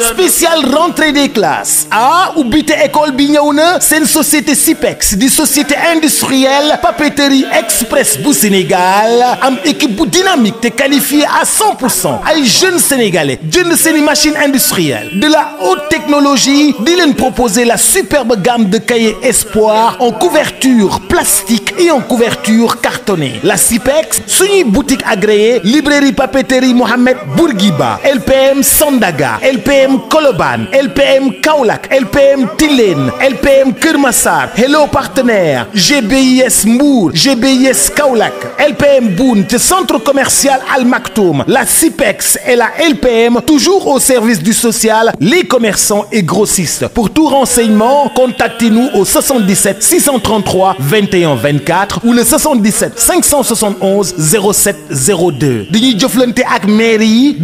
spécial rentrée des classes ah ubbite école bi c'est une société Cipex, une société industrielle papeterie express du Sénégal une équipe dynamique te qualifiée à 100 pour jeunes sénégalais jeune série machine industrielle de la haute technologie di proposer la superbe gamme de cahiers Espoir en couverture plastique et en couverture cartonnée la SIPEX une boutique agréée librairie papeterie Mohamed Bourguiba LPM Sandaga LPM LPM Koloban, LPM Kaulak, LPM Tilène LPM Kurmasar. Hello Partenaire GBIS Mou, GBIS Kaulak, LPM Bount, centre commercial Al Maktoum la CIPEX et la LPM toujours au service du social les commerçants et grossistes pour tout renseignement contactez-nous au 77 633 21 24 ou le 77 571 07 02 Denis Joflente ak mairie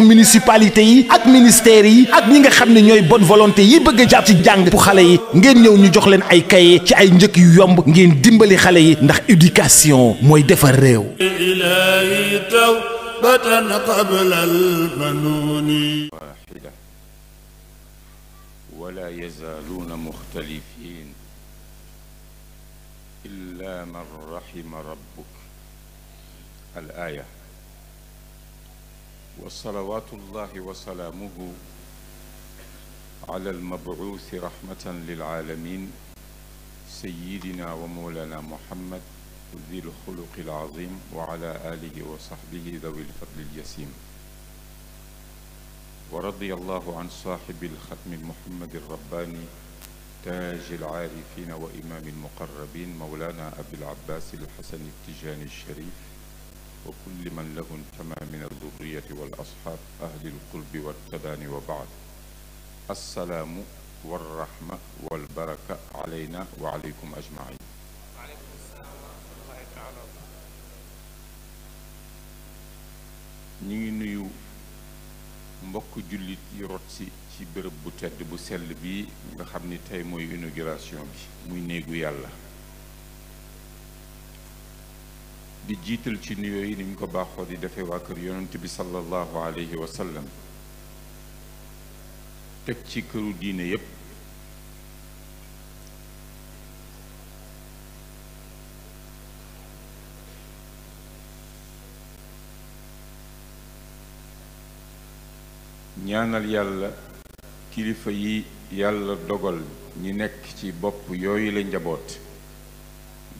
municipalité ministère yi ak ñi nga xamné ñoy bonne volonté yi bëgg jàpp ci jàng pour xale yi ngeen ñëw ñu jox leen ay kaye ci ay ñëk yu yomb ngeen dimbali xale yi ndax éducation moy defar réew ولا يزالون مختلفين إلا من رحم ربك الآية صلوات الله وسلامه على المبعوث رحمة للعالمين سيدنا ومولانا محمد ذي الخلق العظيم وعلى آله وصحبه ذوي الفضل الجسيم ورضي الله عن صاحب الختم محمد الرباني تاج العارفين وإمام المقربين مولانا أبي العباس الحسن التجاني الشريف وكل من له انتمى من الذرية والأصحاب أهل القرب والتبان وبعد السلام والرحمة والبركة علينا وعليكم أجمعين وعليكم السلام ورحمة الله تعالى نيو نيو mbokk jullit yi rot si ci bërëb bu tedd bu sell bi nga xam ni tey mooy inauguration bi muy néegu yàlla di jiital ci nuyoo yi ni ko baaxoo di defee waa kër yonent bi sallallahu alayhi wa sallam teg ci këru diine yépp ñaanal yàlla kilifa yi yàlla dogal ñi nekk ci bopp yooyu la njaboot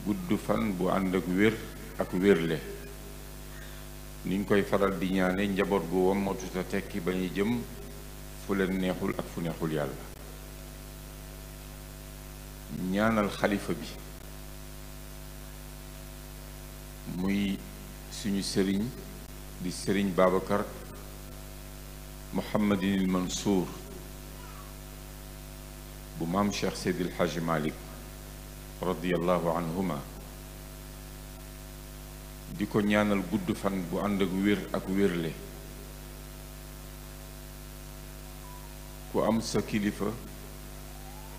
gudd fan bu ànd ak wér ak wérle ni ñu koy faral di ñaane njabot gu wam motu ta tekki bañu jëm fu leen neexul ak fu neexul yàlla ñaanal khalifa bi muy suñu sëriñ di sëriñ Babacar Mouhamadinil Mansour bu maam Cheikh Seydil Hadji Malick radiallahu anhuma di ko ñaanal gudd fan bu ànd ak wér ak wérle ku am sa kilifa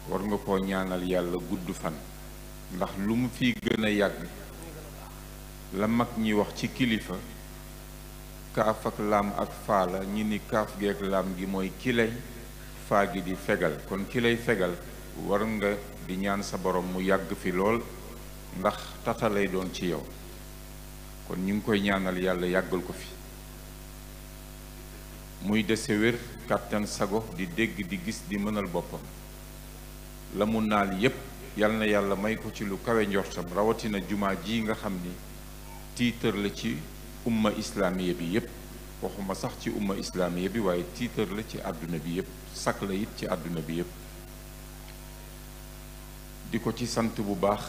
war nga koo ñaanal yàlla gudd fan ndax lu mu fi gën a yàgg la mag ñi wax ci kilifa kaaf ak laam ak faa ñi ni kaaf geeg laam gi mooy kilay faa gi di fegal kon kilay fegal war nga di ñaan sa boroom mu yàgg fi lool ndax tata lay doon ci yow kon ñu ngi koy ñaanal yàlla yàggal ko fi muy dese wér kàttan sago di dégg di gis di mënal boppam la mu naal yépp yal na yàlla may ko ci lu kawe njortam rawatina jumaa ji nga xam ni tiitër la ci umma islaamiya bi yépp waxuma sax ci umma islaamiya bi waaye tiitër la ci àdduna bi yépp sak la ci àdduna bi yépp di ko ci sant bu baax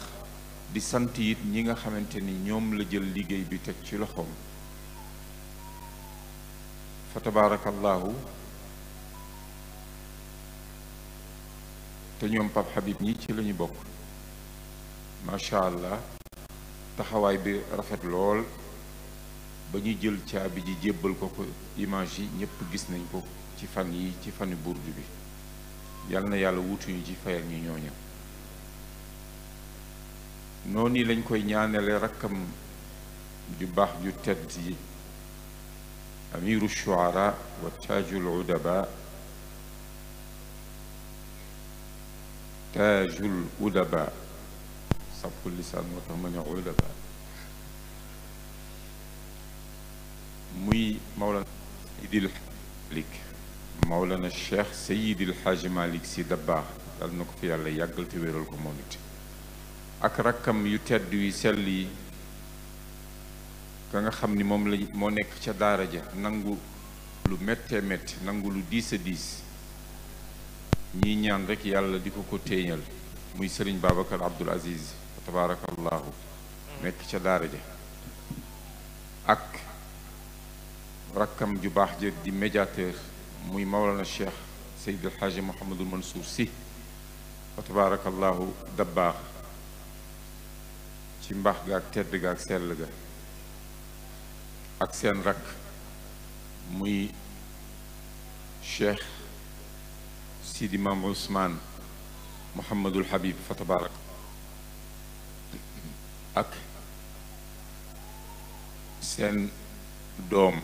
di sant it ñi nga xamante ni ñoom la jël liggéey bi teg ci loxoom fa tabaarakallaahu te ñoom Pape Habib ñi ci lañu bokk macha allah taxawaay bi rafet lool ba ñu jël caabi ji jébbal ko ko image yi ñëpp gis nañ ko ci fan yi ci fani burdu bi yal na yàlla wutuñu ci fayal ñu ñooña noni lañ koy ñaanale rakam ju bax ju tedd yi amiru shuara wa taju udaba taju udaba sàppul lisan moo tax ma ne udaba muy mawlana idil lik mawlana cheikh al xaaji malik si dabbaax dal nako fi yàlla yagal ti werol ko moom ak rakkam yu tedd yu sell yi ka nga xam ni moom la moo nekk ca daara ja nangu lu méttee métti nangu lu diis a diis ñii ñaan rek yàlla di ko ko téeñal muy sëriñ Babacar Abdoul Aziz tabaarakallaahu nekk ca daara ja ak rakkam ju baax ja di médiateur muy Maolana Cheikh Seydil Hadji Mouhamadul Mansour si fa tabaarakallaahu dabbaax ci mbaax ga ak tedd ga ak seen rakk muy cheikh sidi maam ousmaan mohamadul habib fa tabarak ak seen doom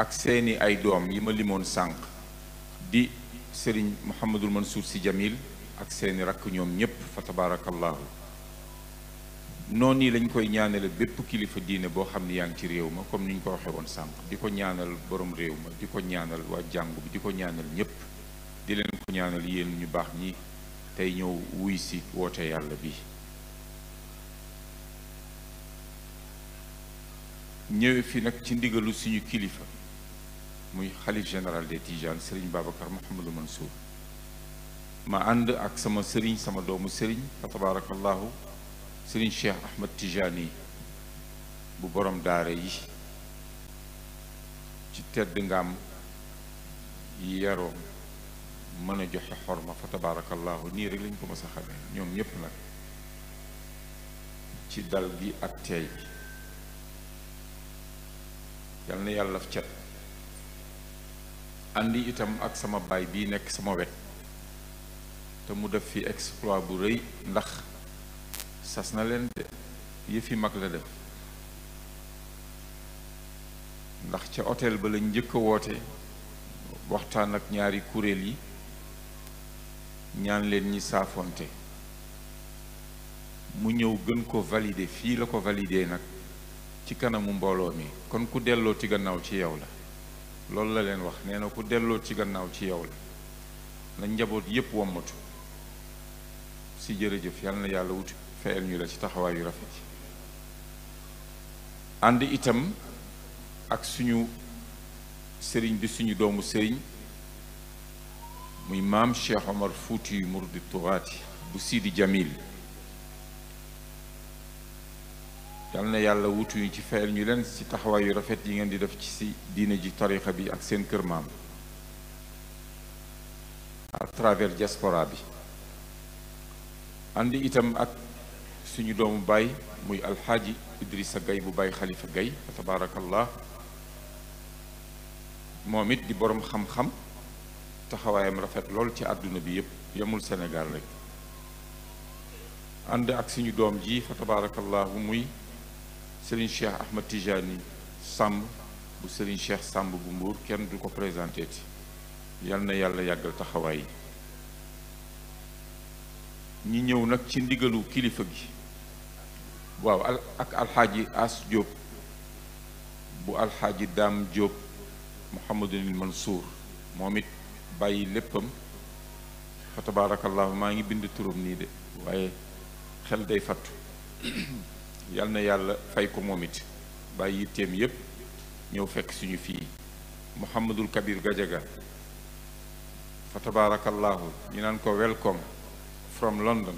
ak seeni ay doom yi ma limoon sànq di sëriñ mohamadul mansour si jamil ak seeni rakk ñoom ñépp fa tabarakallahu noonu yi lañ koy ñaanale bépp kilifa diine boo xam ni yaa ngi ci réew ma comme ni ñu ko waxee woon sànq di ko ñaanal boroom réew ma di ko ñaanal waa jàngu bi di ko ñaanal ñépp di leen ko ñaanal yéen ñu baax ñi tey ñëw wuy si woote yàlla bi ñëwee fi nag ci ndigalu suñu kilifa muy xalif général des Tidianes Serigne Babacar Mouhamadou Mansour ma ànd ak sama sëriñ sama doomu sëriñ fa tabarakallahu sëriñ Cheikh Ahmed Tijani bu boroom daara yi ci tedd ngam yaroom mën a joxe xorma fa tabaarakallaahu nii rek lañ ko mës a xamee ñoom ñépp nag ci dal gi ak teey bi yal na yàlla laf cet àndi itam ak sama baay bii nekk sama wet te mu def fi exploit bu rëy ndax sas na leen de yëfi mag la def ndax ca hôtel ba lañ njëkk a woote waxtaan ak ñaari kuréel yi ñaan leen ñi saafonte mu ñëw gën ko valider fii la ko valider nag ci kanamu mbooloo mi kon ku delloo ci gannaaw ci yow la loolu la leen wax neena ku delloo ci gannaaw ci yow la na njaboot yépp wommatu si jërëjëf yàlla na yàlla wuti fayal ñu la ci taxawaayu yu rafet ànd itam ak suñu sëriñ bi suñu doomu sëriñ muy maam Cheikh Omar Fouti yu murdi tuwaati bu Sidi Jamil yal na yàlla wutu ñu ci fayal ñu leen ci taxawaay yu rafet yi ngeen di def ci diine ji tarixa bi ak seen kër maam à travers bi ànd itam ak suñu doomu baay muy alxaaji Idrissa Gaye bu Baye Khalifa gay fa tabaarakallah moom it di boroom xam-xam taxawaayam rafet lool ci àdduna bi yépp yemul Sénégal rek ànd ak suñu doom ji fa tabaarakallahu muy Serigne Cheikh Ahmad Tijani sam bu Serigne Cheikh Samb bu Mbour kenn du ko présenté ti yal yàlla yàggal taxawaay ñi ñëw nag ci ndigalu kilifa gi waaw ak alxaaji As Diop bu alxaaji Daam Diop Mouhamadunil Mansour moom bàyyi léppam fa tabaarakallahu maa ngi bind turam nii de waaye xel day fattu yal na yàlla fay ko moom it bàyyi yitteem yépp ñëw fekk suñu fii Mouhamadul Kabir Gajaga fa tabaarakallahu ñu naan ko welcome from London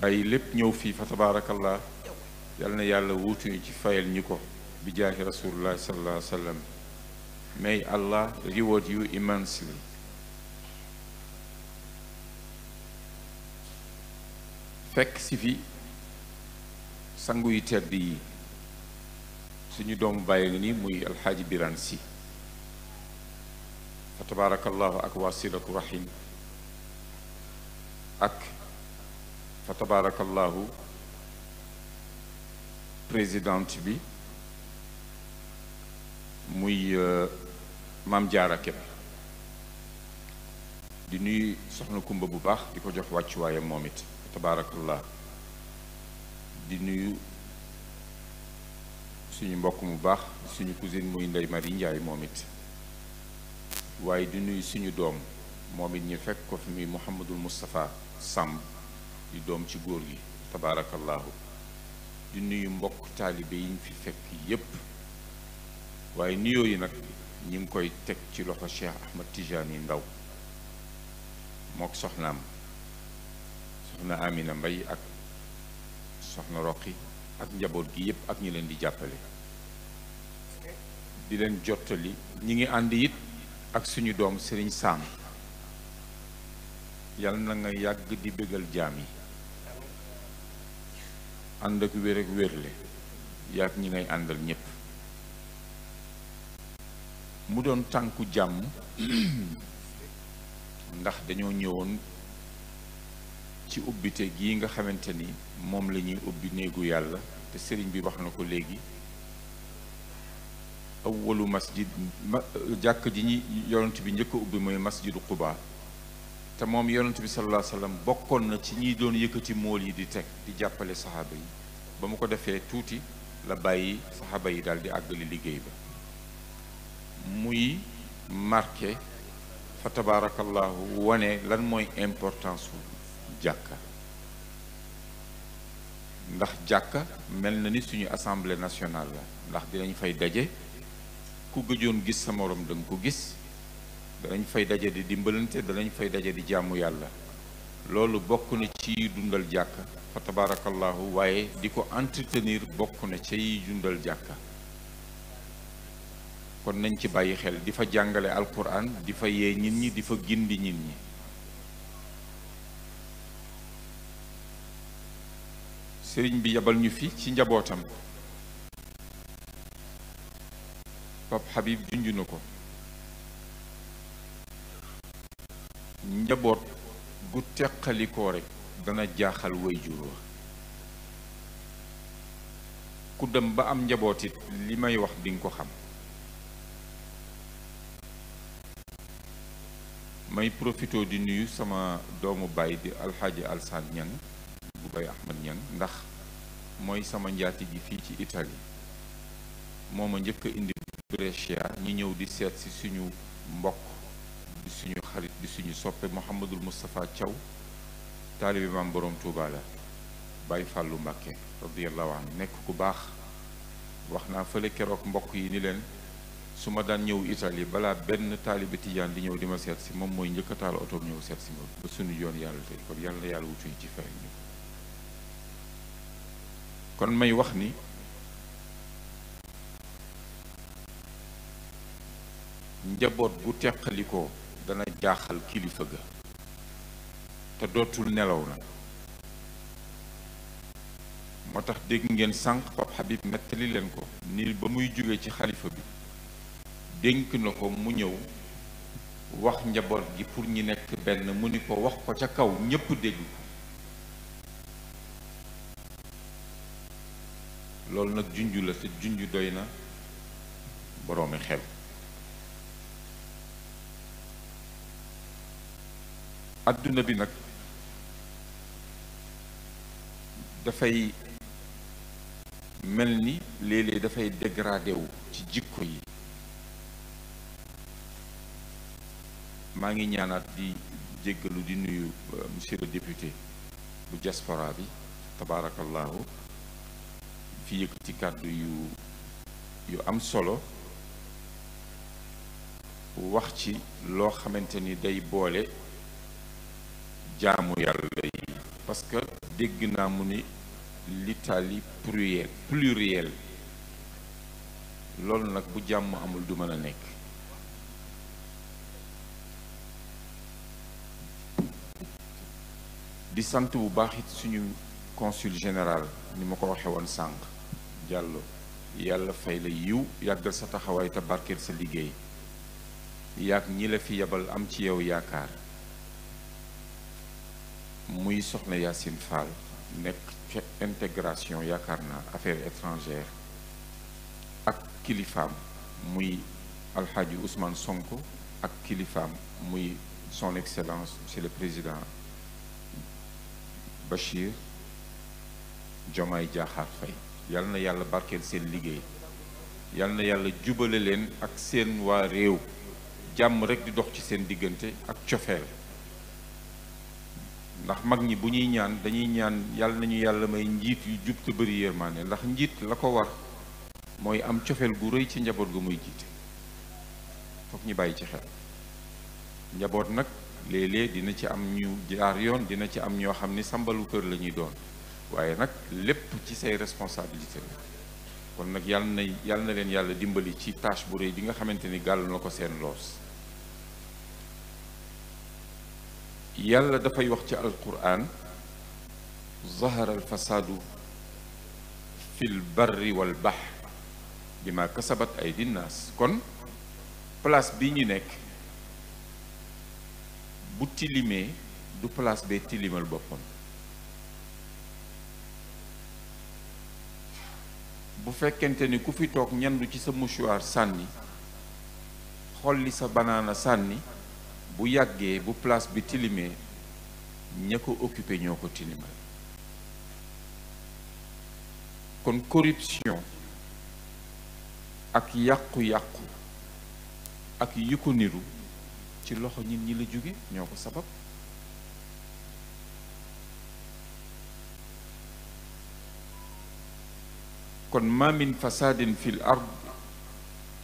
ay lépp ñëw fi fa tabarakallah yal na yàlla wutuy ci fayal ñuko bi jahi rasulullah sallallahu alayhi wa sallam may Allah reward you immensely fek ci fi sangu yi teddi suñu dom baye ni muy alxaaji Birane fa tabarakallah ak wasilatu rahim ak fa tabaarakallaahu présidente bi muy Mame Diarra Kébé di nuyu soxna Kumba bu baax di ko jox wàccuwaayam moom it tabaarakallah di nuyu suñu mbokk mu baax suñu cousine muy Ndeye Marie Ndiaye moom it waaye di nuyu suñu doom moom it ñu fekk ko fi muy Mouhamadul Moustapha Samb di doom ci góor gi tabaarakallaahu di nuyu mbokk taalibe yi ñu fi fekk yépp waaye yi ñi ngi koy ci loxo Cheikh Ahmad tijani Ndaw mook soxnaam soxna Amina Mbay ak soxna Roqi ak njaboot gi yépp ak ñi leen di jàppale di leen ñi ngi ak suñu doom Sëriñ Saam yal na nga di bégal jami yi ànd ak wér ak wérle yaag ñi ngay àndal ñépp mu doon tànku jàmm ndax dañoo ñëwoon ci ubbite gii nga xamante ni moom lañuy ñuy ubbi néegu yàlla te sëriñ bi wax na ko léegi awwalu masjid jàkk ji ñi yonent bi njëkk a ubbi mooy masjidu Quba te moom yonent bi sallallahu alayhi wa bokkoon na ci ñiy doon yëkkati mool yi di teg di jàppale saxaaba yi ba mu ko defee tuuti la bàyyi saxaaba yi daal di àggali liggéey ba muy marqué fa tabaarakallaahu wane lan mooy importance wu jàkka ndax jàkka mel na ni suñu assemblée nationale la ndax dinañ fay daje ku gëjoon gis sa morom da nga ko gis danañ fay daje di dimbalante danañ fay daje di jàmm yàlla loolu bokk na ci dundal jàkk fa tabarakallahu waaye di ko entretenir bokk na ci dundal jàkka kon nañ ci bàyyi xel di fa jàngale alquran di fa yee nit ñi di fa gindi nit ñi sëriñ bi yabal ñu fi ci njabootam Pape Habib junj ko njaboot gu teqalikoo rekk dana jaaxal way jur wa ku dem ba am njaboot it li may wax di nga ko xam may profité di nuyu sama doomu baay di alxaaji alsan ñang bu bay ahmad ñang ndax mooy sama njaati ji fii ci Italie mooma ma njëkk a indi Brescia ñu ñëw di seet si suñu mbokk di suñu xarit di suñu soppe Mouhamadul Moustapha Thiaw taalibi maam borom Touba la Baye Fallou Mbacké radiallahu nekk ku baax wax naa fële keroog mbokk yi ni leen su ma daan ñëw Italie balaa benn taalibi tijaan di ñëw di ma seet si moom mooy njëkka a taal otoom ñëw seet si ma ba suñu yoon yàlla tey kon yàlla yàlla wutuñu ci fay kon may wax ni njaboot gu teqalikoo dana jaaxal kilifa ga te dootul nelaw na moo tax dégg ngeen sànq Pape Habib nettali leen ko ni ba muy jóge ci xalifa bi dénk na ko mu ñëw wax njaboot gi pour ñi nekk benn mu ni ko wax ko ca kaw ñépp dégg ko loolu nag junj la te junj doy na boroomi xel àdduna bi nag dafay mel ni léeg dafay dégradé ci jikko yi maa ngi ñaanaat di jéggalu di nuyu euh, monsieur le bu diaspora bi tabaarakallaahu fi yëkkati kàddu yu yu am solo wax ci loo xamante ni day boole jaamu yàlla que dégg naa mu ni l'Italie pluriel pluriel loolu nag bu jàmm amul du mën a nekk di sant bu baax suñu consul général ni ma ko waxee woon sànq Diallo yàlla fay la yiw yàggal sa taxawaay te barkeel sa liggéey yaag ñi la fi yebal am ci yow yaakaar muy soxna yassine Fall nek ca intégration yakarna affaires affaire étrangère ak kilifam muy alxaaji Ousmane Sonko ak kilifam muy son excellence monsieur le président Bachir jomay Diakhar Faye yal na yàlla barkeel seen liggéey yal na yàlla jubale leen ak sen wa rew jàmm rek di dox ci sen digeunte ak ndax mag ñi bu ñuy ñaan dañuy ñaan yàlla nañu yàlla may njiit yu jub te bëri yërmaane ndax njiit la ko war mooy am cofeel gu rëy ci njaboot gu muy jiite foog ñu bàyyi ci xel njaboot nag léeg-léeg dina ci am ñu jaar yoon dina ci am ñoo xam ni sambalu kër la ñuy doon waaye nag lépp ci say responsabilité la kon nag yàlla na yàlla na leen yàlla dimbali ci tâche bu rëy bi nga xamante ni gàll na ko seen loos yàlla dafay wax ci alquran zahara alfasaadu fi lbarri walbahr bi ma kasabat ay dinaas kon place bi ñu nekk bu tilimee du place bee tilimal boppam bu fekkente ni ku fi toog ñandu ci sa mouchoir sànni xolli sa banaana sànni bu yàggee bu palaas bi tilimee ña ko occupé ñoo ko tilimal kon corruption ak yàqu-yàqu ak yu ko niru ci loxo ñin ñi la jóge ñoo ko sabab kon ma min fasadin fi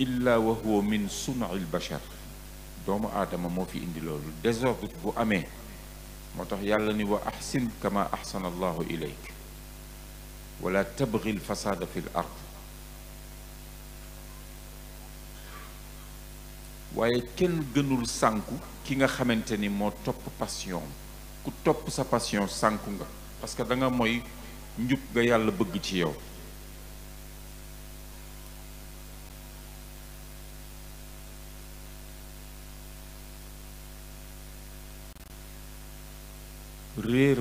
l wa huwa min sun'i l bashar doomu aadama moo fi indi loolu désordre bu amee moo tax yàlla ni wa ahsin kama ahsana allahu ilayk wala tabgi lfasaada fi l ard waaye kenn gënul sànku ki nga xamante ni moo topp passion ku topp sa passion sànku nga parce que da nga mooy njub nga yàlla bëgg ci yow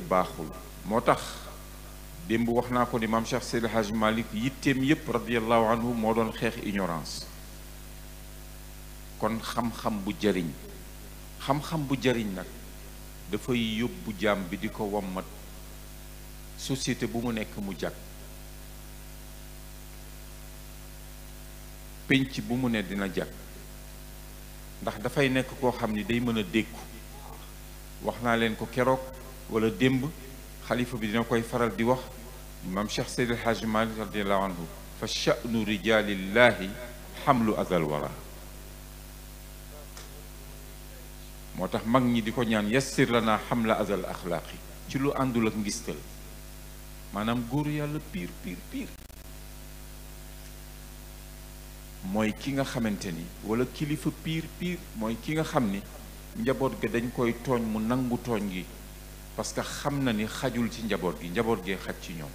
baaxul moo tax démb wax naa ko ni maam Cheikh Seydi Hajj Malick yitteem yépp radiallahu anhu moo doon xeex ignorance kon xam-xam bu jariñ xam-xam bu jariñ nag dafay yóbbu jaam bi di ko wammat société bu mu nekk mu jàkk pénc bu mu ne dina jàkk ndax dafay nekk koo xam ni day mën a dékku wax naa leen ko keroog wala démb xalifa bi dina koy faral di wax maam Cheikh Seydil Hadji Malick radiallahu anhu fa cha'nu xam lu agal wara moo tax mag ñi di ko ñaan yassir lana xamla azal axlaaqi ci lu àndul ak ngistal maanaam góor yàlla piir piir mooy ki nga ni wala kilifa piir piir mooy ki nga xam ni njaboot ga dañ koy tooñ mu nangu tooñ gi parce que xam na ni xajul ci njaboot gi njaboot gee xaj ci ñoom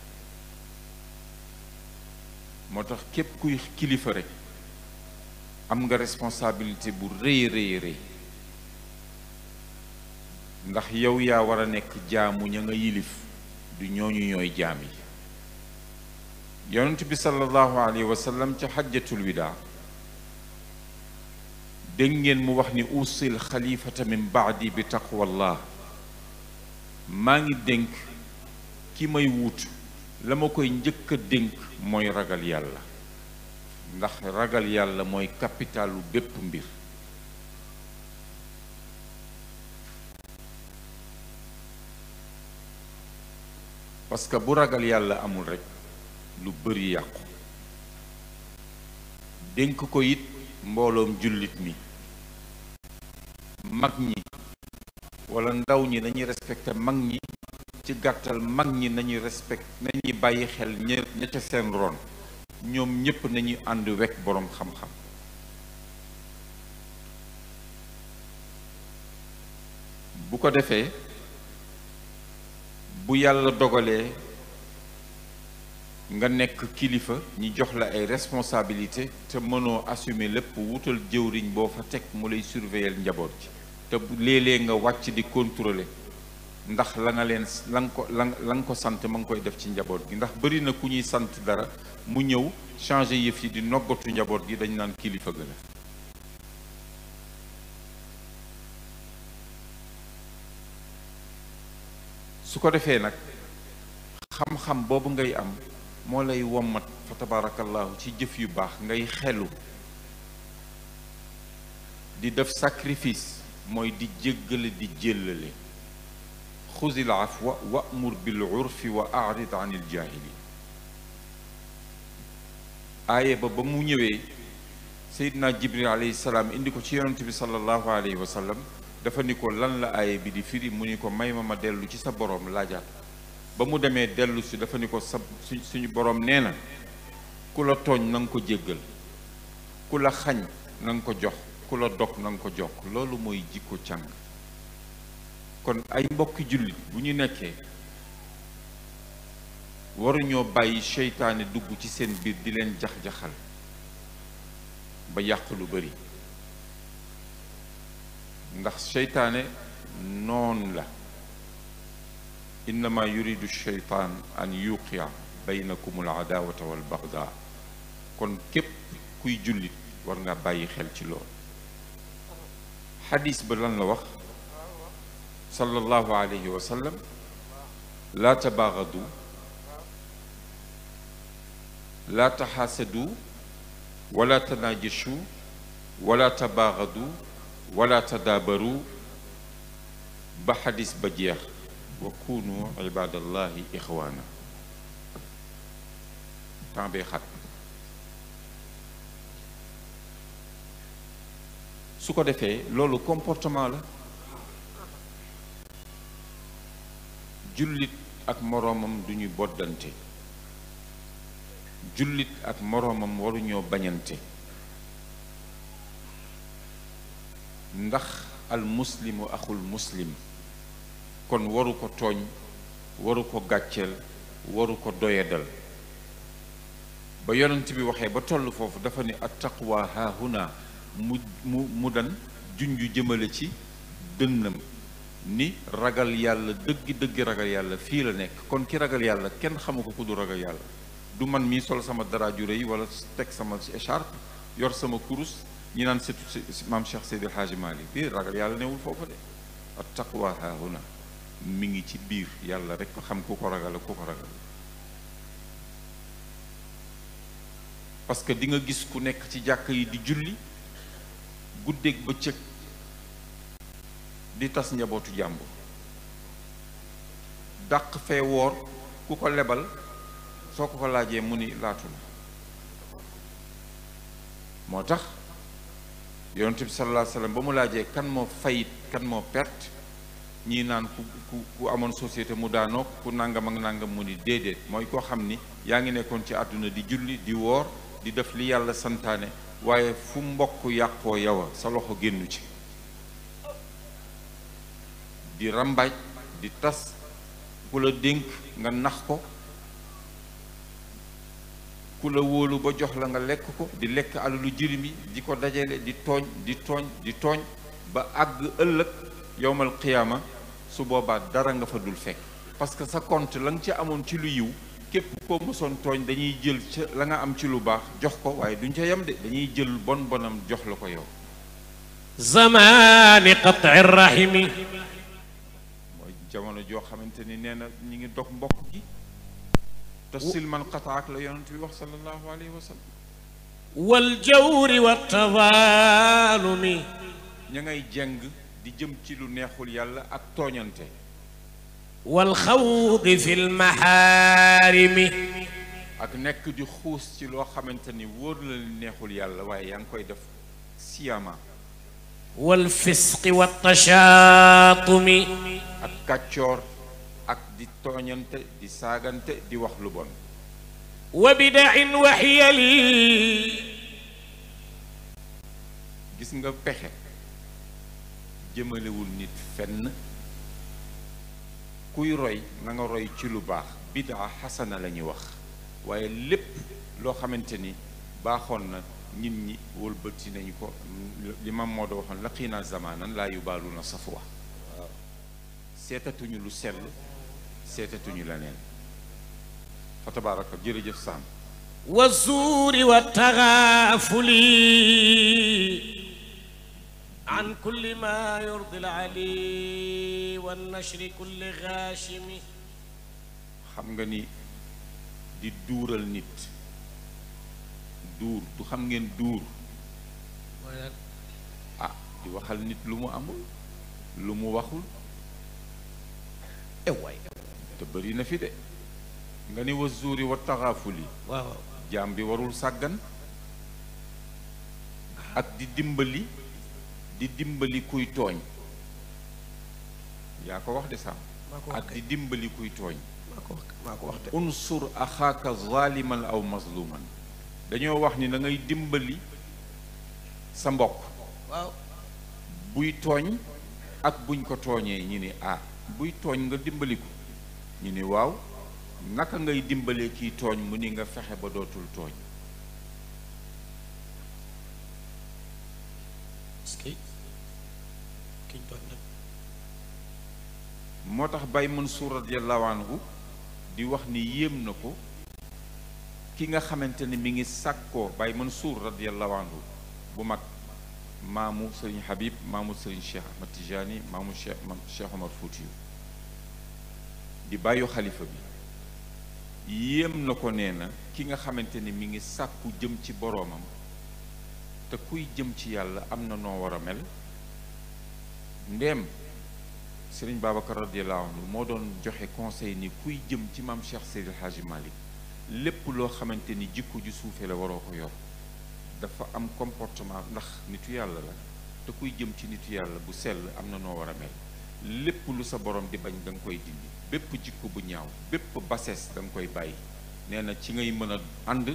moo tax képp kuy kilifa rek am nga responsabilité bu rëy rëy ndax yow yaa war a nekk jaamu ña nga yilif du ñooñu ñooy jaam yi yonent bi sallallahu alayhi wa sallam ca xajjatul wida dégg ngeen mu wax ni usil xalifata min baadi bi taqwallah maa ngi dénk ki may wut la ma koy njëkk dénk mooy ragal yàlla ndax ragal yàlla mooy capitalu bépp mbir parce que bu ragal yàlla amul rekk lu bari yàqu dénk ko it mbooloom jullit mi mag ñi wala ndaw ñi nañuy respecté mag ñi ci gàttal mag ñi nañuy respect nañuy bàyyi xel ña ca seen ron ñoom ñépp nañuy ànd wekk boroom xam-xam bu ko defee bu yàlla dogalee nga nekk kilifa ñi jox la ay responsabilité te mënoo assumer lépp wutal jëwriñ boo fa teg mu lay surveiller njaboot ji te léeg-léeg nga wàcc di contrôler ndax la nga leen la nga ko la la ko sant ma nga koy def ci njaboot gi ndax bëri na ku ñuy sant dara mu ñëw changer yëf yi di noggatu njaboot gi dañu naan kilifa gën su ko defee nag xam-xam boobu ngay am moo lay wommat fa tabaarakallaahu ci jëf yu baax ngay xelu di def sacrifice mooy di jéggale di jéllale xuzil afwa wamur bil urfi wa arid an il jaahilin aaye ba ba mu ñëwee seydina jibril alayhi salaam indi ko ci yonent bi sallallahu alayhi wa sallam dafa ni ko lan la aaye bi di firi mu ni ko may ma ma dellu ci sa boroom laajaat ba mu demee dellu si dafa ni ko sa suñu boroom nee na ku la tooñ na nga ko jéggal ku la xañ na nga ko jox kula dok dog na nga ko jok lolou moy jikko càng kon ay mbokk julli bu ñu waru ñoo bàyyi seytaane dugg ci seen bir di leen jax-jaxal ba yàq lu bari ndax sheytaane non la انما يريد الشيطان ان يوقع بينكم العداوه والبغضاء كون كيب كوي جوليت kuy jullit خيل سي لول حديث بلان لوخ صلى الله عليه وسلم لا تباغضوا لا تحاسدوا ولا تناجشو ولا تباغضوا ولا تدابروا بحديث بجيخ وكونوا عباد الله إخوانا تعبي خط su ko defee loolu comportement la jullit ak moroomam du ñu boddante jullit ak moroomam waruñoo bañante ndax al muslimu axul muslim kon waru ko tooñ waru ko gàcceel waru ko doyadal ba yonent bi waxee ba tollu foofu dafa ne at taqwa haahuna mu mu mu dan junju jëmale ci dënnam ni ragal yàlla dëggi dëggi ragal yàlla fii la nekk kon ki ragal yàlla kenn xamu ko ku du ragal yàlla du man mii sol sama dara ju rëy wala teg sama écharpe yor sama kurus ñi naan setu maam Cheikh Seydi El Hadji Malick eh, ragal yàlla newul foofu de at taqwa na mi ngi ci biir yàlla rek xam ku ko ragal ku ko ragal parce que dinga gis ku nekk ci jàkk yi di julli guddeeg bëccëg di tas njabootu jàmbu dàq fee woor ku ko lebal soo ko ko laajee mu ni laatu la moo tax yonent bi sallallahu alayhi ba mu laajee kan moo fayit kan moo perte ñii naan ku ku amoon société mu daanoo ku nangam ak nangam mu ni déedéet mooy koo xam ni yaa ngi nekkoon ci àdduna di julli di woor di def li yàlla santaane waaye fu mbokk yàqoo yow sa loxo génnu ci di rambaaj di tas ku la dénk nga nax ko ku la wóolu ba jox la nga lekk ko di lekk alalu jirim yi di ko dajale di tooñ di tooñ di tooñ ba àgg ëllëg yowmal qiyaama su boobaat dara nga fa dul fekk parce que sa kont la ci amoon ci lu yiw képp ko mosoon tooñ dañuy jël ca la nga am ci lu baax jox ko waaye duñ ca yam de dañuy jël bon bonam jox la ko yow zamaani qat'i rahimi mooy jamono joo xamante ni nee na ñi ngi dog mbokk gi tasil man qataak la yonent bi wax sallallahu alayhi wa sallam wal jawri wa tazaalumi ña ngay jeng di jëm ci lu neexul yàlla ak tooñante والخوض في المحارم ak nekk di xuus ci loo xamante ni wóor la neexul yàlla waaye yaa ngi koy def siyama wal fisqi wa tashaatumi ak kàccoor ak di tooñante di saagante di wax lu bon wa bidain wa xiyali gis nga pexe jëmalewul nit fenn kuy roy na nga roy ci lu baax bidaa xasana la ñuy wax waaye lépp loo xamante ni baaxoon na nit ñi wëlbati nañu ko li mam moo da waxoon laqiina zamanan laa na safwa waaw seetatuñu lu sell seetatuñu leneen fa tabaraka jërëjëf saam wa zuuri wa taxaafuli عن كل ما يرضي العلي والنشر كل غاشم خمغني دي دورال نيت دور دو خمغن دور اه دي واخال نيت لومو امول لومو واخول اي واي تبري نفي دي غني والزوري والتغافلي واو جامبي ورول ساغان اك دي ديمبلي di dimbali kuy tooñ yaa ko wax de sax ak di dimbali kuy tooñ maa wax de unsur axaaka zaliman aw mazluman dañoo wax ni da dimbali sa mbokk buy tooñ ak buñ ko tooñee ñu ni ah buy tooñ nga dimbali ko ñu ni waaw naka ngay dimbalee kiy tooñ mu ni nga fexe ba dootul tooñ moo tax Baye mën radiyallahu anhu di wax ni yéem na ko ki nga xamante ni mi ngi sàkkoo Baye mën radiyallahu anhu bu mag maamu Serigne Habib maamu Serigne Cheikh Ahmad Tijani maamu Cheikh Cheikh Omar Foutiou di bàyyu xalifa bi yéem na ko nee na ki nga xamante ni mi ngi sàkku jëm ci boroomam te kuy jëm ci yàlla am na noo war a mel ndéem Serigne Babacar radiyallahu anhu moo doon joxe conseil ni kuy jëm ci maam Cheikh Seydil Hadji Malick lépp loo xamante ni jikko ju suufee la waroo ko yor dafa am comportement ndax nitu yàlla la te kuy jëm ci nitu yàlla bu sell am na noo war a mel lépp lu sa borom di bañ danga koy dindi bépp jikko bu ñaaw bépp bassesse da nga koy bàyyi nee na ci ngay mën a ànd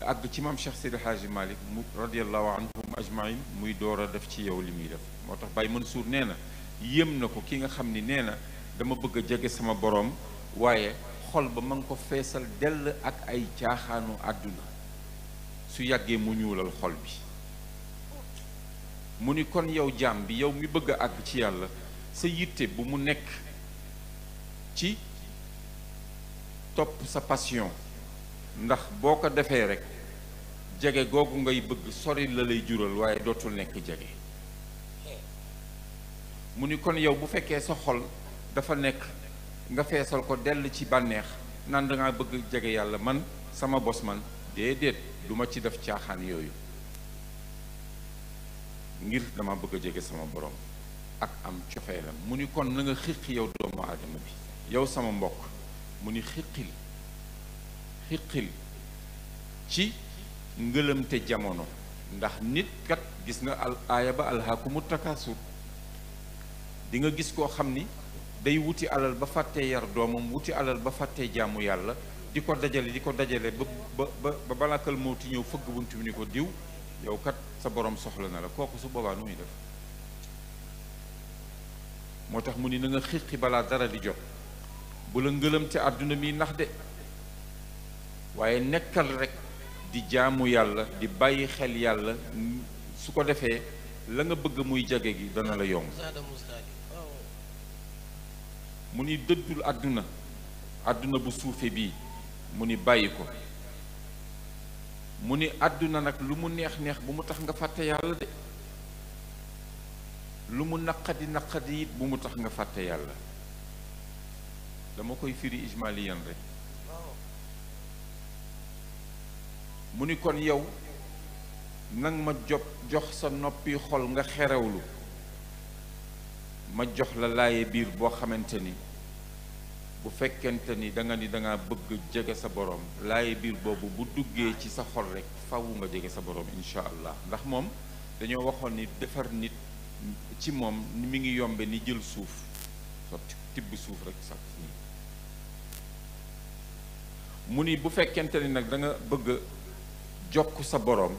àgg ci maam Cheikh Seydil Hadji Malick mu radiyallahu anhum ajmain muy door a def ci yow li muy def moo tax Baye Mansour nee na yéem na ko ki nga xam ni nee na dama bëgg a jege sama boroom waaye xol ba ma ngi ko feesal dell ak ay caaxaanu àdduna su yàggee mu ñuulal xol bi mu ni kon yow jaam bi yow mi bëgg a àgg ci yàlla sa yitte bu mu nekk ci topp sa passion ndax boo ko defee rekk jege googu ngay bëgg sori la lay jural waaye dootul nekk jege muni kon yow bu fekkee sa xol dafa nekk nga feesal ko dell ci bànneex naan dangaa bëgg jege yàlla man sama bosman, man déedéet duma ma ci def caaxaan yooyu ngir dama bëgg a sama borom ak am cofeelam mu ni kon na nga xiqi yow doomu adam bi yow sama mbokk muni ni xiqil xiqil ci ngëlëmte jamono ndax nit kat gis nga al aaya ba alhaakumu takasur di nga gis koo xam ni day wuti alal ba fàttee yar doomam wuti alal ba fàttee jaamu yàlla di ko dajale di ko dajale ba ba ba balakal mawti ñëw fëgg buntu bi ni ko diw yow kat sa boroom soxla na la kooku su boobaa muy def moo tax mu ni na nga xiqi balaa dara di jot bu la ngëlam te àdduna bi nax de waaye nekkal rek di jaamu yàlla di bàyyi xel yàlla su ko defee la nga bëgg muy jage gi dana la yomb muni ni dëddul aduna àdduna bu suufe bi muni bayiko muni aduna nak ni lu mu neex neex bu mu tax nga fàtte yàlla de lu mu naqadi naqadi bu mu tax nga fàtte yàlla dama koy firi ijmaliyan rek muni kon yow nang ma jox jox sa nopi xol nga xerewlu ma jox la laye bir bo xamanteni bu fekkente ni da nga ni da nga bëgg jege sa borom laay biir boobu bu duggee ci sa xol rek fawu nga jege sa borom incha allah ndax mom dañoo waxoon ni defar nit ci moom ni mi ngi yombe ni jël suuf sotti tibb suuf rek sax nii mu ni bu fekkente ni nag da nga bëgg jokk sa borom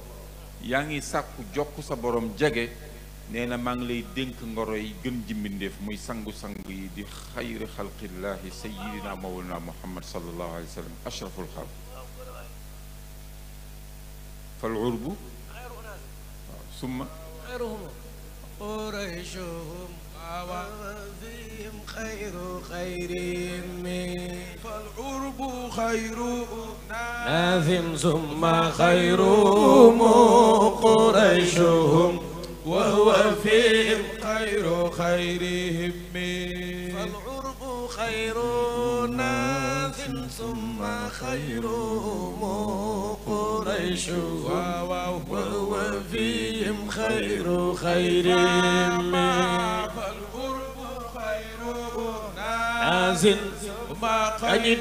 sa borom نينا مانغلي دينك نغوري جن جمينديف موي سانغو سانغي دي خير خلق الله سيدنا مولانا محمد صلى الله عليه وسلم أشرف الخلق فالعرب ثم خيرهم قريشهم وفيهم خير خيرهم فالعرب خير نافهم ثم خيرهم قريشهم وهو فيهم خير خيرهم فالعرب خير ناس ثم خير قريش وهو فيهم خير خيرهم فالعرب خير ناس ثم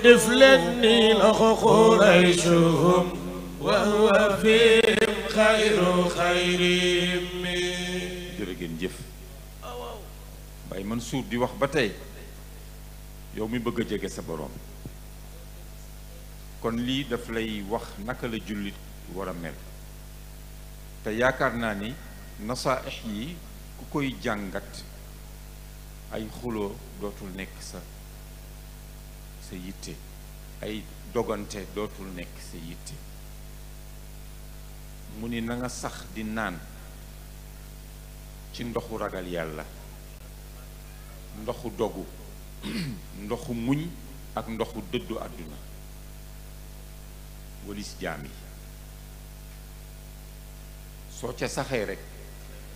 دفلني لخو قريشهم وهو فيهم خير خيرهم man Mansour di wax ba tey yow mi bëgg a jege sa borom kon lii daf lay wax naka la jullit war mel te yaakaar naa ni nasaaix yi ku koy jàngat ay xuloo dootul nekk sa sa yitte ay dogante dootul nekk sa yitte mu ni nanga sax di naan ci ndoxu ragal yàlla ndoxu dogu ndoxu muñ ak ndoxu dëddu àdduna walis jaam yi soo ca saxee rek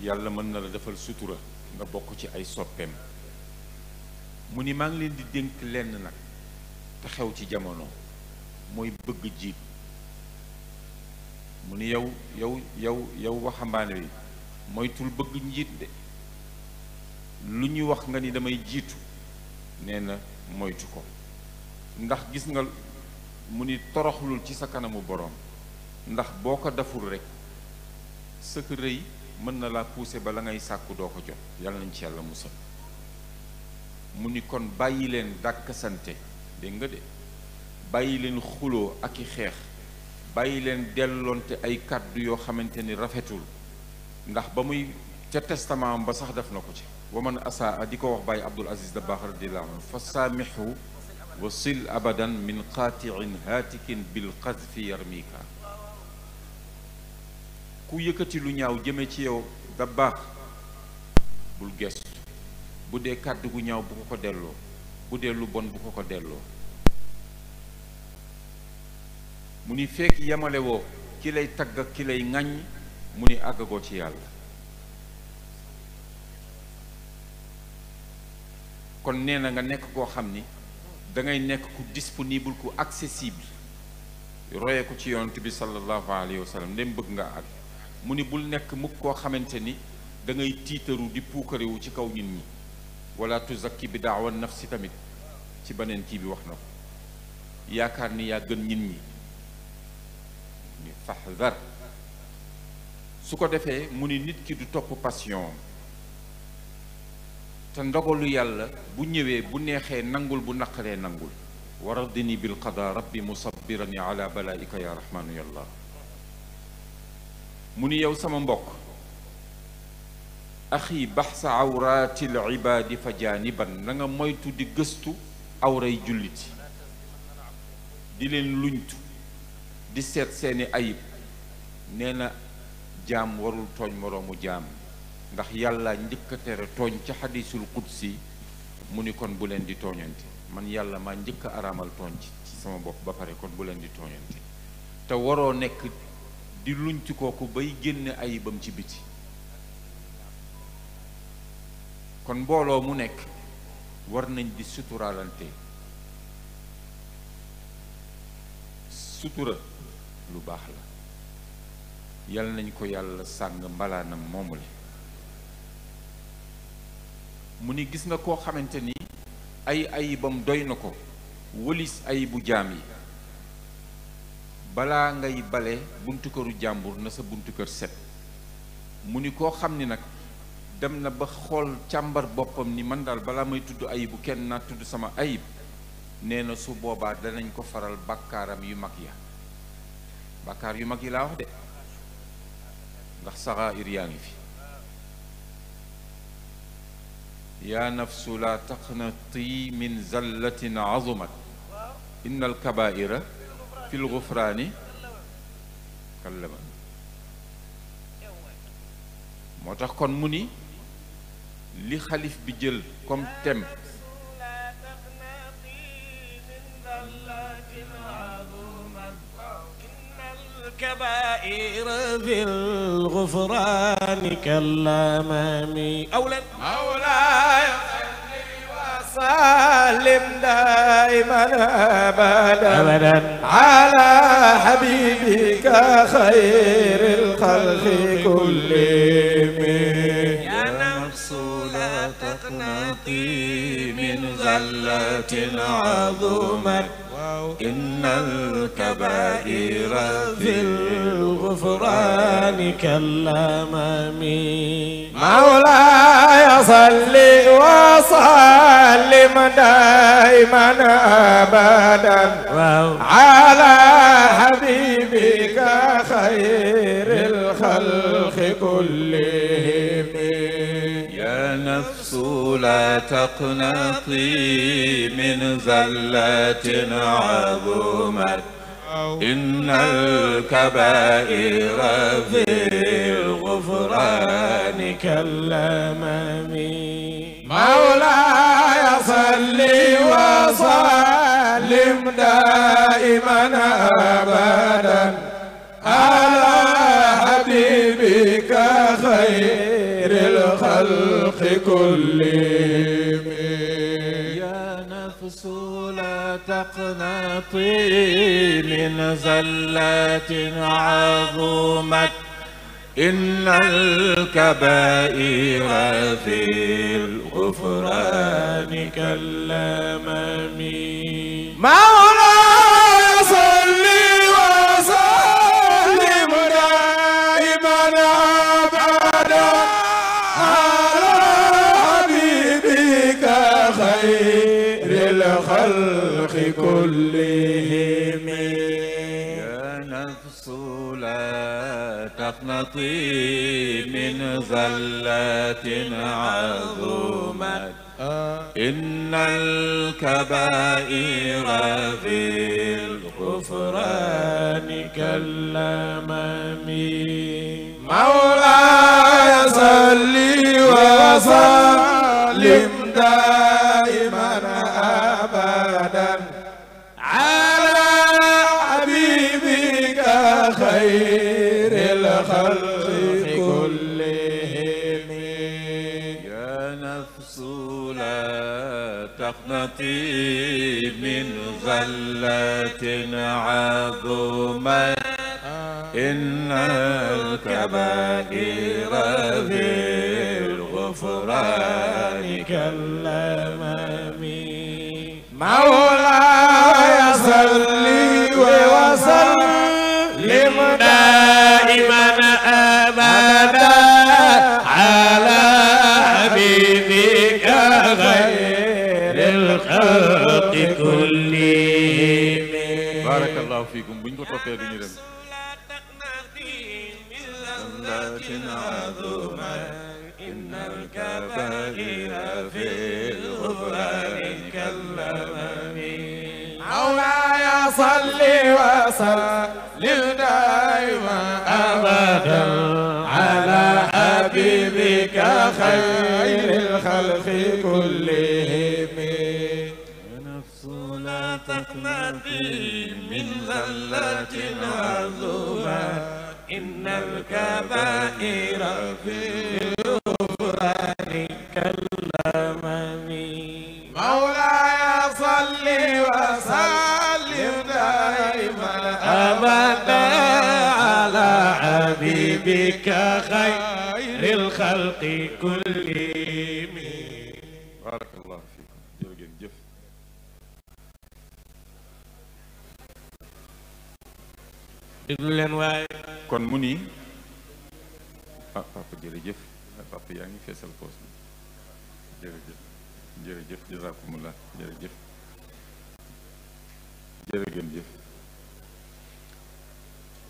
yàlla mën na la defal sutura nga bokk ci ay soppeem mu ni maa ngi leen di dénk lenn nag te xew ci jamono mooy bëgg jiit mu ni yow yow yow waxambaane bi moytul bëgg njiit de lu ñu wax nga ni damay jiitu nee na moytu ko ndax gis nga mu ni toroxlul ci sa kanamu borom ndax boo ko deful rek sa rëy mën na laa pousser ba la ngay sàkku doo ko jot yàlla nañ ci yàlla musal mu ni kon bàyyi leen dàkk sante dégg nga de bàyyi leen xuloo ak i xeex bàyyi leen delloonte ay kàddu yoo xamante ni rafetul ndax ba muy ca testament ba sax def na ko ci wa man asaa di ko wax Baye Abdul Aziz Dabakh radiyallahu anhu fa saamixu wa sil abadan min qaatiin haatikin bil qadfi yarmika ku yëkkati lu ñaaw jëme ci yow Dabakh bul gestu bu dee kàddu gu ñaaw bu ko ko delloo bu dee lu bon bu ko ko delloo mu ni fekk yamale woo ki lay tagg ak ki lay ŋàññ mu ni àggagoo ci yàlla kon nee na nga nekk koo xam ni da ngay nekk ku disponible ku accessible roye ko ci yonent bi sallallahu alayhi wa ndem bëgg nga àgg mu ni bul nekk mukk koo xamante ni dangay tiitaru di puukarewu ci kaw nit ñi wala tuzakki bi daawa nafsi tamit ci beneen kii bi wax na ko yaakaar ni yaa gën nit ñi ni fahdar su ko defee mu ni nit ki du topp passion te ndogalu yàlla bu ñëwee bu neexee nangul bu naqaree nangul waradini bil qada rabbi mu ala balaika ya mu ni yow sama mbokk axi baxsa awratil ibaadi fa jaaniban na moytu di gëstu awray julliti di leen luñtu di seet seeni ayib nee na jaam warul tooñ moroomu jaam ndax yàlla njëkk a tere tooñ ci xadisul qudsi mu ni kon bu leen di tooñante man yàlla maa njëkk a araamal tooñ ci sama bopp ba pare kon bu leen di tooñante te waroo nekk di luñtu kooku bay génn ayibam ci biti kon mbooloo mu nekk war nañ di suturaalante sutura lu baax la yal nañ ko yàlla sàng mbalaanam moomu la muni ni gis nga koo xamante ay ayibam doy na ko wëlis ayibu jaam yi ngay bale buntu këru jàmbur na sa buntu kër set ni koo xam dem na ba xool càmbar boppam ni man daal balaa may ayibu sama ayib neno na su niko danañ ko faral bàkkaaram yu mag ya bàkkaar yu mag yi wax de ndax saxaa ir fi يا نفس لا تقنطي من زلة عظمت إن الكبائر في الغفران كلما moo tax kon mu ni li xalif bi jël الكبائر ذي الغفران كلامي أولا مولاي وسلم دائما أبدا أبدا على حبيبك خير الخلق كلهم يا نفس لا تقنطي من غلة عظمت إن الكبائر في الغفران كالأمام مولاي صلي وسلم دائما أبدا على حبيبي لا تقنطي من زلة عظمت إن الكبائر في الغفران كالأمم مولاي صل وسلم دائما أبدا على حبيبك خير الخلق بكل يا نفس لا تقنطي من زلات عظمت إن الكبائر في الغفران ما مولاي يعطي من زلة عظمت إن الكبائر في الغفران كالأمم مولاي صلي وسلم التي عظمت إن الكبائر في الغفران كلمني مولاي صلي وسلم فيكم بنكو توبي دي إن الكبائر في الغفران كاللمم مولاي صل وسلم دائما أبدا على حبيبك خير الخلق كلهم المهدي من زلات عظمى إن الكبائر في déglu leen waaye kon mu ni ah papa papa yaa ngi feesal poos bi jërëjëf jërëjëf jazakumullah jërëjëf jërëgën jëf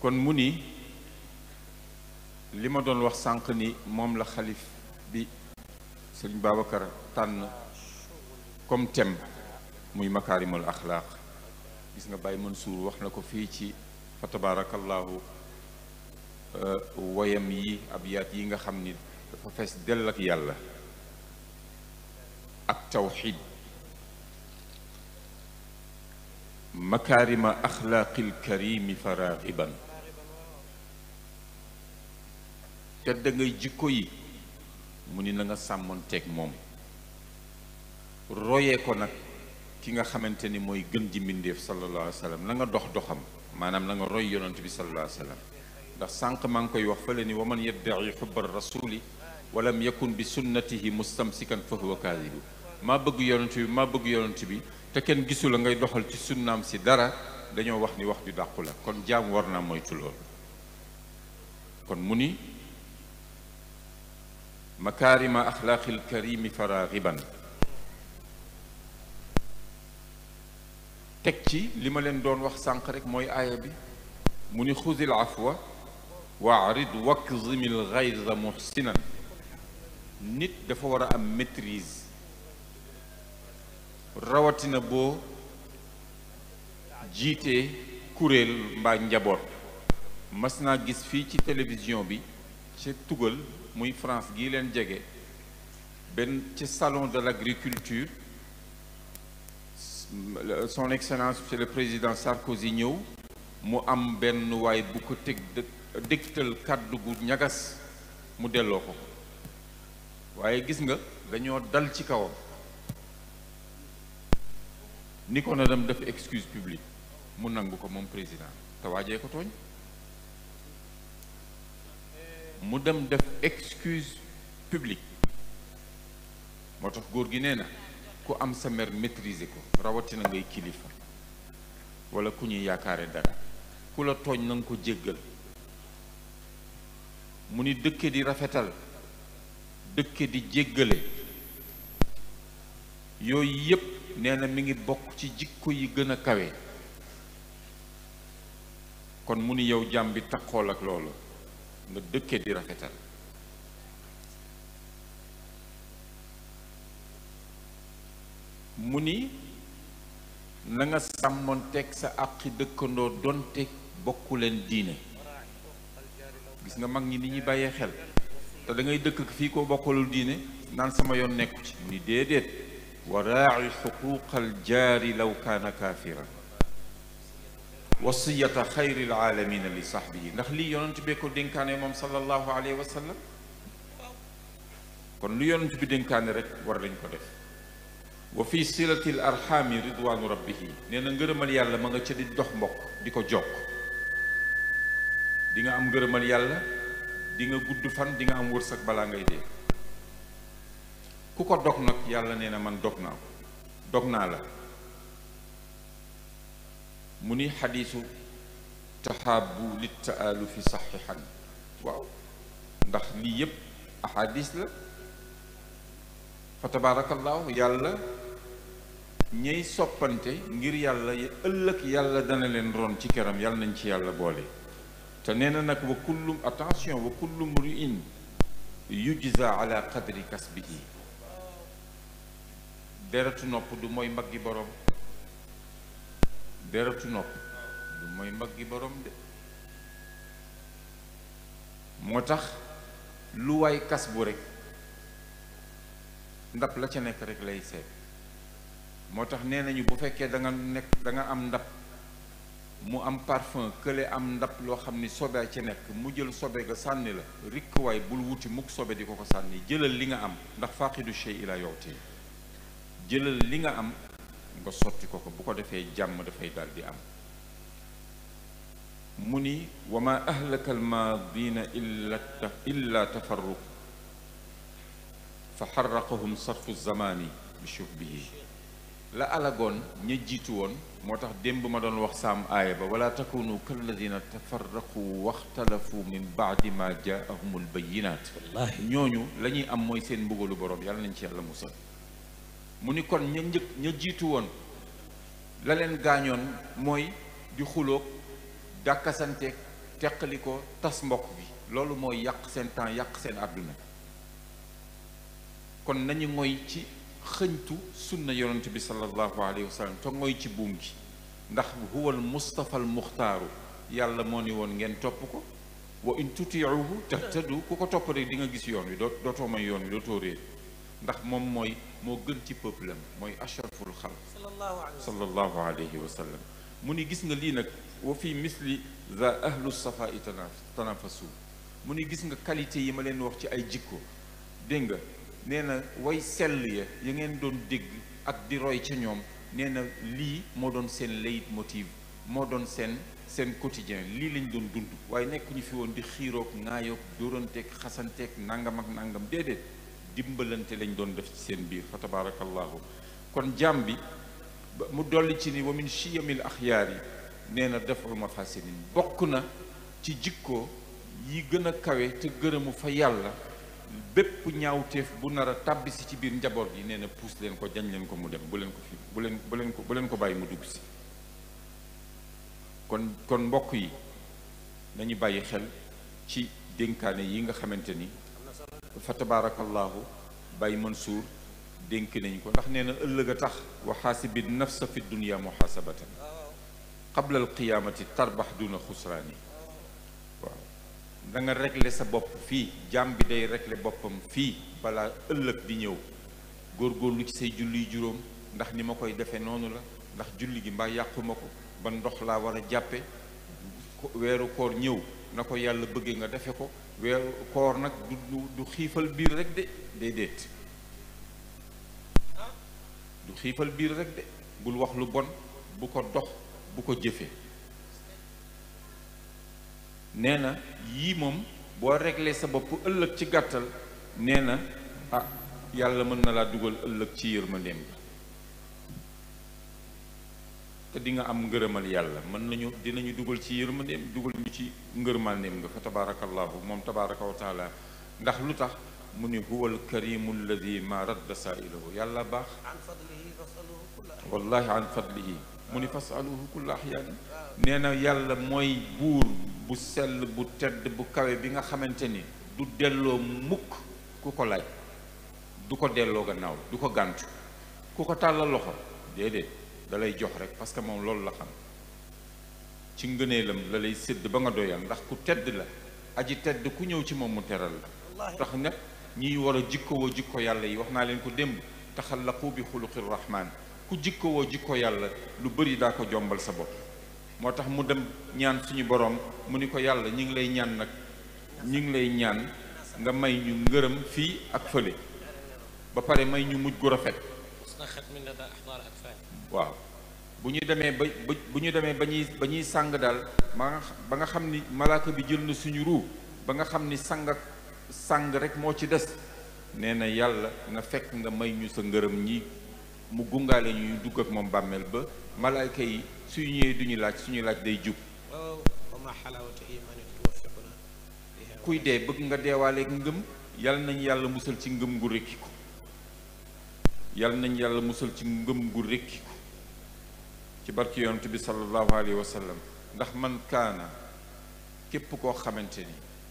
kon mu ni li ma doon wax sànq ni moom la khalif bi sëñ Babacar tan comme thème muy makaarimal axlaaq gis nga Baye Mansour wax na ko ci فتبارك الله آه، ويمي أبيات ينغا خمني فس دلك يلا التوحيد مكارم أخلاق الكريم فراغبا تدغي جيكوي موني نغا سامون تيك موم رويكو نك كيغا خامتيني موي گندي منديف صلى الله عليه وسلم نغا دوخ دوخام manam la nga roy yonent bi sallallahu alayhi wasallam ndax sank maa koy wax fële ni waman yaddaci hubbar rasuli walam yakun bi sunnatihi mustamsikan fa huwa kadhib ma beug yonent bi ma beug yonent bi te ken gisul ngay doxal ci sunnam si dara dañu wax ni wax du dàqu la kon jam warna naa moytu loolu kon muni makarima akhlaqil karim karimi teg ci li ma leen doon wax sànq rek mooy aaya bi mu ni xuzil afwa waarid wakzimil gayza muhsinan nit dafa war a am maîtrise rawatina boo jiitee kuréel mbaa njaboot mas naa gis fii ci télévision bi ca tugal muy France gii leen jege benn ci salon de l'agriculture son excellence monsieur le président Sarkozy ñëw mu am de way bu ko teg dégtal kàddu gu ñagas mu dello ko waye gis nga dañoo dal ci kaw ni ko na dem def excuse publique mu nangu ko mon président tawaje ko togn mu dem def excuse publique motax gor gi ku am sa mer maîtriser ko rawatina ngay kilifa wala ku ñuy yaakaare dara ku la tooñ nanga ko jéggal mu ni dëkke di rafetal dëkke di jéggale yooyu yépp nee na mi ngi bokk ci jikko yi gën a kawe kon mu ni yow jàmm bi taxool ak loolu nga dëkke di rafetal mu ni na nga sàmmonteeg sa àqi dëkkandoo donte bokku leen diine gis nga mag ñi ni ñuy bàyyee xel te da ngay dëkk fii koo bokkalul diine naan sama yoon nekku ci mu ni déedéet wa raaci xuquqal jaari law kaana kaafiran wasiyata xayril aalamina li saxbihi ndax lii yonent bee ko dénkaane moom sallallahu alayhi wa sallam kon lu yonent bi dénkaane rek war nañ ko def wa fi silatil arxaami ridwaanu rabbihi nee na ngërëmal yàlla ma nga ca di dox mbokk di ko jokk di nga am ngërëmal yàlla di nga gudd fan di nga am wërsëg balaa ngay dee ku ko dog nag yàlla nee na man dog naa dog naa la mu ni xadiisu taxaabu lit taalu fi saxiixan waaw ndax lii yépp ahadis la fa tabaarakallaahu yàlla ñey soppante ngir yàlla ëllëg yàlla dana leen ron ci këram yàlla nañ ci yàlla boole te nee na nag wa kullum attention wa kullum ruin yujza ala qadri kasbihi deretu nopp du mooy mag gi borom deretu nopp du mooy mag gi borom de moo tax lu waay kas bu rek ndab la ca nekk rek lay seet motax nenañu bu fekke da nga nek da nga am ndap mu am parfum kële am ndap lo xamni sobe ci nek mu jël sobe ga sànni la rik way bul wuti muk sobe di ko ko sànni jëlal li nga am ndax faqidu shay ila yawti jëlal li nga am nga soti ko ko bu ko defé jàmm dafay dal di am muni wama ahlakal madin illa ta illa tafarruq fa xarraqahum sarfu zamani bi shubbihi la alagoon ña jiitu woon moo tax démb ma doon wax saam aaya ba wala takunu kalladina tafarraqu waxtalafu min baadi ma jaahumul yinaat ñooñu lañuy am mooy seen mbugalu borom yàlla nañ ci yàlla musal mu ni kon ña njëkk ña jiitu woon la gaañoon mooy di xuloog dàkkasante teqali ko tas mbokk bi loolu mooy yàq seen temps yàq seen àdduna kon nañu moy ci xëñtu sunna yonent bi sallallahu alayhi wa sallam te mooy ci buum gi ndax huwal mustafal muxtaaru yàlla moo ni woon ngeen topp ko wa in tutiuhu tahtadu ku ko topp rek di nga gis yoon wi doo dootoo may yoon wi dootoo réer ndax moom mooy moo gën ci peuple am mooy ashraful xalq sallallahu alayhi wa sallam mu ni gis nga lii nag wa fi misli za ahlu safai tanafasu mu ni gis nga qualité yi ma leen wax ci ay jikko dégg nga nee na way sell ya ya ngeen doon dégg ak di roy ca ñoom nee lii moo doon seen leitmotiv moo doon seen seen quotidien lii lañ doon dund waaye nekkuñu fi woon di xiiroog ŋaayoog dóoranteeg xasanteeg nangam ak nangam déedéet dimbalante lañ doon def ci seen biir fa tabarakallahu kon jaam bi mu dolli ci ni wa min chiyamil axyaar yi nee na deful mafasidin bokk na ci jikko yi gën a kawe te gërëmu fa yàlla bépp ñaawteef bu nara tabbi ci biir njaboot gi neena pousse puus leen ko jañ leen ko mu dem bu leen ko fi bu leen bu leen ko bu leen ko bàyyi mu dugg si kon kon mbokk yi nañu bàyyi xel ci dénkaane yi nga xamante ni fa tabaarakallaahu Baye Mansour dénk nañ ko ndax neena na ëllëg a tax wa xaasibi nafsa fi dunia muhaasabatan qabla alqiyamati tarbax duna xusraani danga nga sa bopp fii jaam bi day régler boppam fii balaa ëllëg di ñëw góor góor lu ci say julli juróom ndax ni ma koy defee noonu la ndax julli gi mbaa yàquma ko ba ndox laa war a jàppe weeru koor ñëw na ko yàlla bëggee nga defe ko weeru koor nag du xiifal biir rek de déedéet du xiifal biir rek de bul wax lu bon bu ko dox bu ko jëfe nee na yii moom boo reglee sa bopp ëllëg ci gàttal nee na ah yàlla mën na laa dugal ëllëg ci yërmandeem bi te di nga am ngërëmal yàlla mën nañu dinañu dugal ci yërmandeem dugal ñu ci ngërmandeem nga fa tabaarakallaahu moom tabaaraka wa taala ndax lu tax mu ni huwal karimu alladi ma radda saailahu yàlla baax wallahi an fadlihi mu ni fasaluhu kulla ahyaan nee na yàlla mooy buur bu sell bu tedd bu kawee bi nga xamante ni du delloo mukk ku ko laaj du ko delloo gannaaw du ko gàntu ku ko tàllal loxo déedéet da lay jox rek parce que moom loolu la xam ci ngëneelam la lay sédd ba nga doyal ndax ku tedd la aji tedd ku ñëw ci moom mu teral la tax nag ñiy war a jikkowoo jikko yàlla yi wax naa leen ko démb la bi xuluqi rahmaan ku jikkowoo jikko yàlla lu bëri daa ko jombal sa bopp moo tax mu dem ñaan suñu boroom mu ni ko yàlla ñi ngi lay ñaan nag ñi ngi lay ñaan nga may ñu ngërëm fii ak fële ba pare may ñu mujj gu rafet waaw bu ñu demee ba bu ñu demee ba ñuy ba ñuy sàng daal ma ba nga xam ni malaaka bi jël na suñu ruu ba nga xam ni sàng sàng rek moo ci des nee na yàlla na fekk nga may ñu sa ngërëm ñi mu gungaale ñu dugg ak moom bàmmeel ba malaaka yi suñu ñëwee duñu laaj suñu laaj day jub kuy dee bëgg nga deewaaleeg ngëm yal nañ yàlla musal ci ngëm gu rekki ko yal nañ yàlla musal ci ngëm gu rekki ko ci barke yonent bi sallallahu alayhi wa sallam ndax man kaana képp koo xamante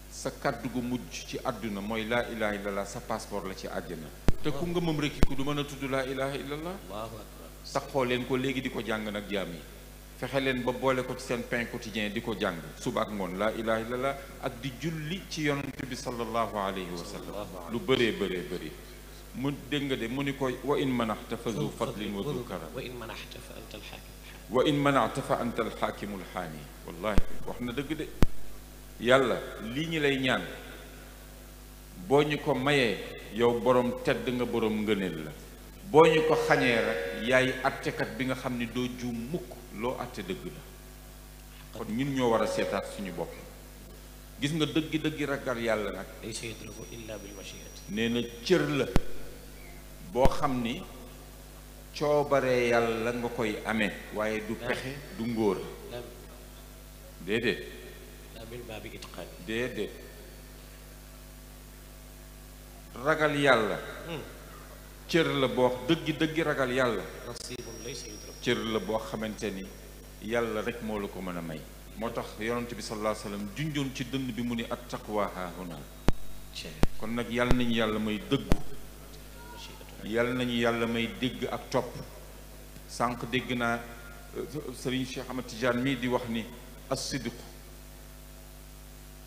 sa kàddu gu mujj ci àdduna mooy laa ilaha illallah sa passeport la ci àjjana te ku ngëmam rekki ko du mën ilaha illallah di ko jàng nag fexe leen ba boole ko ci seen pain quotidien di ko jàng suba ak ngoon laa la illallah ak di julli ci yonent bi sallallahu alayhi wa sallam lu bëree bëree bëri mu dégg nga de mu ni ko wa in manaxta fa zu fadlin wa zu karam wa in manaxta fa anta alxaakimu alxaani wallahi wax na dëgg de yàlla lii ñi lay ñaan boo ñu ko mayee yow borom tedd nga borom ngëneel la boo ñu ko xañee rek yaay attekat bi nga xam ni doo juum mukk loo àtte dëgg la kon ñun ñoo war a seetaat suñu bopp gis nga dëggi dëggi ragal yàlla nag nee na cër la boo xam ni coobaree yàlla nga koy amee waaye du pexe du ngóor déedéet déedéet ragal yàlla hmm. cër la boo dëggi dëggi ragal yàlla cër la boo xamante ni yàlla rek moo la ko mën a may moo tax yonent bi sallallahu alayhi wa sallam ci dënn bi mu ni at taqwa haahuna kon nag yàlla nañu yàlla may dëggu yàlla nañu yàlla may dégg ak topp sànq dégg naa euh, sëriñ Cheikh Ahmad mii di wax ni as-sidq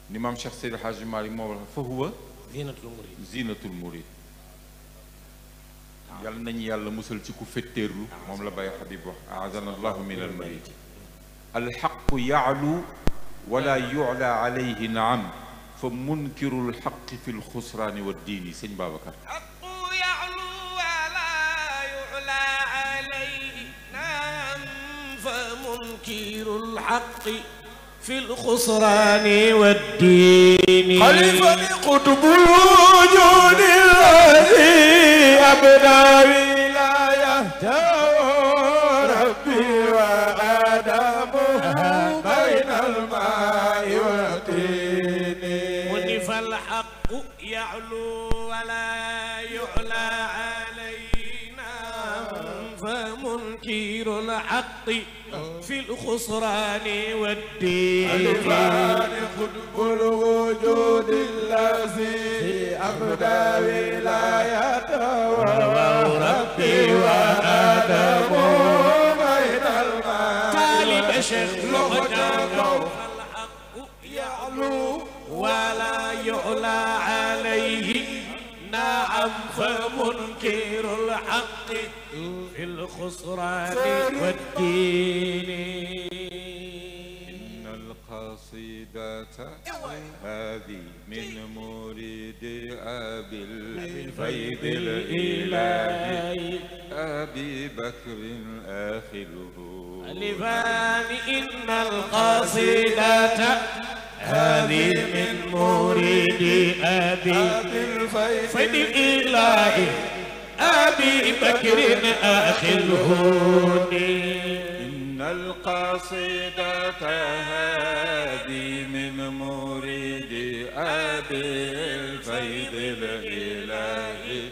ni maam Cheikh Seydi Hadji Malick moo fa huwa zinatul murid zinatul murid الحق يعلو ولا يعلى عليه نعم فمنكر الحق في الخسران والدين سيد بابكر الحق يعلو ولا يعلى عليه نعم فمنكر الحق في الخسران والدين خليفة قطب الوجود الذي أبدا لا يهتم فمنكر الحق في الخسران والدين الفارق الوجود الذي أبدى يتوى ربي وآدم بين الماء طالب شيخ لغته الحق يعلو ولا يعلى عليه نعم فمنكر الحق في الخسران والدين إن القصيدة هذه من مريد أبي الفيض الإلهي أبي بكر آخره ألفان إن القصيدة هذه من مريد أبي الفيض الإلهي أبي بكر أخي إن القصيدة هذه من مريد أبي الفيض الإلهي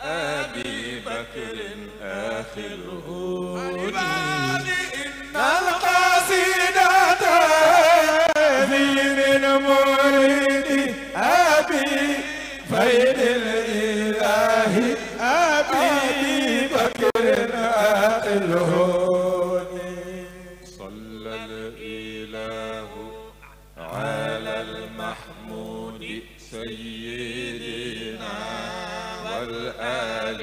أبي بكر أخي إن القصيدة هذه من مريد سيدنا والآل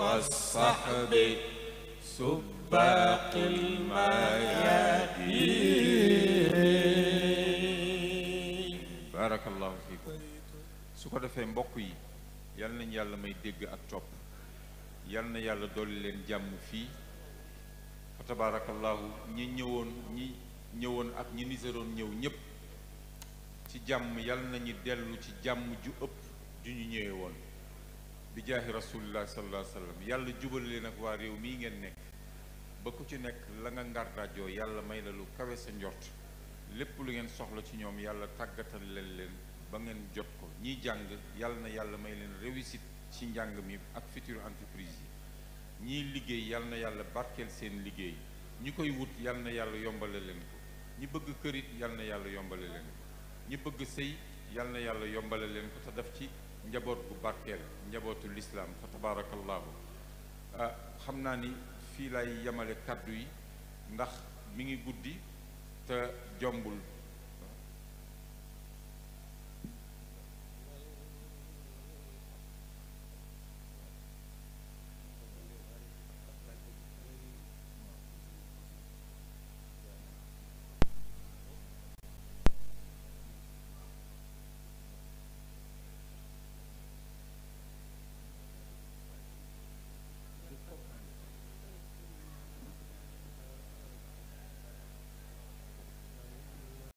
والصحب سباق الميادين بارك الله فيكم su ko defee mbokk yi yal nañ yàlla may dégg ak topp yal na yàlla dolli leen jàmm fii fa tabaarakallaahu ñi ñëwoon ñi ñëwoon ak ñi niseroon ñëw ñépp ci jàmm yal nañu dellu ci jàmm ju ëpp ju ñu ñëwee woon bi jaahi rasulillah sallallahu alayhi wa yàlla jubal leen ak waa réew mii ngeen nekk ba ku ci nekk la nga ngardaajoo yàlla may la lu kawe sa njort lépp lu ngeen soxla ci ñoom yàlla tàggatal leen leen ba ngeen jot ko ñiy jàng yàlla na yàlla may leen réussite ci njàng mi ak future entreprise yi ñi liggéey yàlla na yàlla barkeel seen liggéey ñi koy wut yàlla na yàlla yombale leen ko ñi bëgg kërit yàlla na yàlla yombale leen ko ñi bëgg sëy yàlla na yàlla yombale leen ko te ci njaboot bu barkeel njabootu lislaam fa tabaarakallaahu ah, xam naa ni fii lay yemale kàddu yi ndax mi ngi guddi te jombul